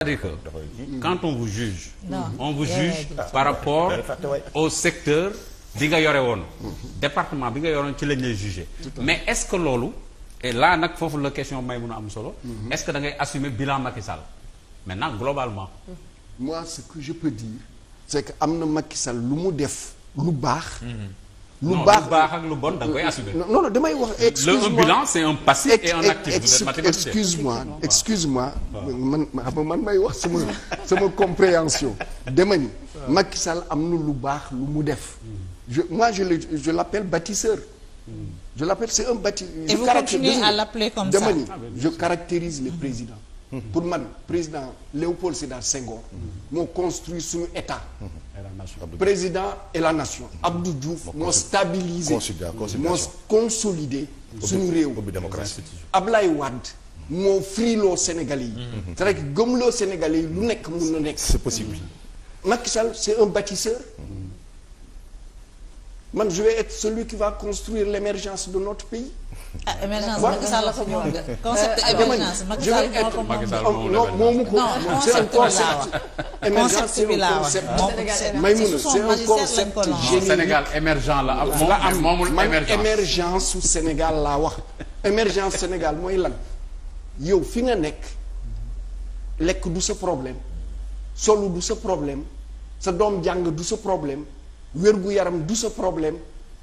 C'est-à-dire que quand on juge par rapport au secteur bi nga yore woon département bi nga yore woon ci lañ lay jugé mais est-ce que loolu et là nag foofu la question may mun a am solo mhm. est-ce que da ngay assumer bilan Macky Sall maintenant globalement moi ce que je peux dire c'est que am na Macky Sall lu mu def lu baax mhm. lu baax ak lu bon da nga koy damay wax. excuse-moi le bilan c'est un passif et un actif. vous excuse-moi man ah, man may wax sama sama compréhension. dama ni Macky Sall am na lu baax lu mu def. Hmm. je moi je le je l'appelle bâtisseur. Hmm. je l'appelle c'est un bâtisseur. et vous continuez à l'appeler comme ça dama ni ah, je caractérise les présidents. Hmm. pour man président Léopold Sédar Senghor. moo construit suñu état. président et la nation Abdou Diouf moo stabilisé moo consolidé suñu réew Ablaye Wade moo friloo Sénégalais yi mhm. c'est-à-dire que gëmloo Sénégalais yi lu nekk mun na nekk c'est possible Macky Sall c'est un bâtisseur mhm. man je vais être celui qui va construire l'émergence de notre pays. ah la ko moom de. concept moomu ko. non c'est un concept. émergence concept. Maïmouna Sénégal émergent la am la am moomul émergence su Sénégal laa wax. émergence Sénégal mooy lan yow fi nga nekk lekk du sa problème solu du sa problème sa doom jàng du sa problème. wér-gu-yaram du sa problème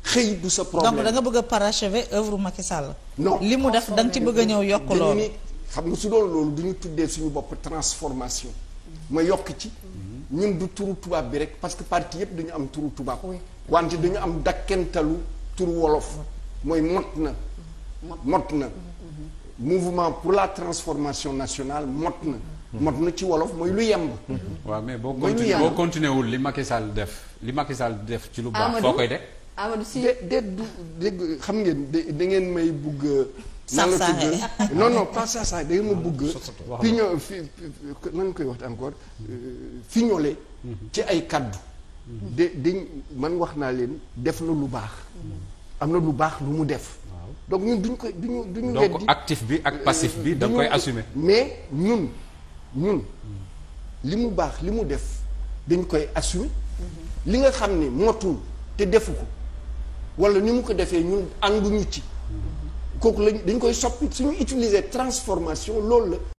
xëy du sa problème. donc da nga bëgg a parachever œuvre Macky Sall. no li mu def da ci bëgg a ñëw yokk loolu xam nga su doon loolu du ñu tuddee suñu bopp transformation. ma yokk ci. ñun du turu tubaab bi rek parce que parti yëpp dañu am turu tubaab. wante dañu am dakkentalu turu wolof. mooy mot na. mot na. mouvement pour la transformation nationale mot na. mot na ci wolof mooy lu yemb. waaw mais boo continué boo continué wul li Macky Sall def li Macky Sall def ci lu baax. foo koy de Amadou si de de du xam ngeen de da ngeen may bugg. Euh, sax non non pas sax da ngeen ma bugg. Ah, piño fi nan koy wax fi euh, fiñole ci ay kàddu mhm. de dañ man wax naa leen def na lu baax. Mhm. am na lu baax lu mu def. donc ñun duñ koy duñu duñu weddi. actif bi ak passif bi da koy assumer. mais ñun. ñun li mu baax li mu def dañ koy assumer li nga xam ne motul te defu ko wala ni mu ko defee ñun ànduñu ci kooku lañ dañ koy soppi suñu utiliser transformation loolu la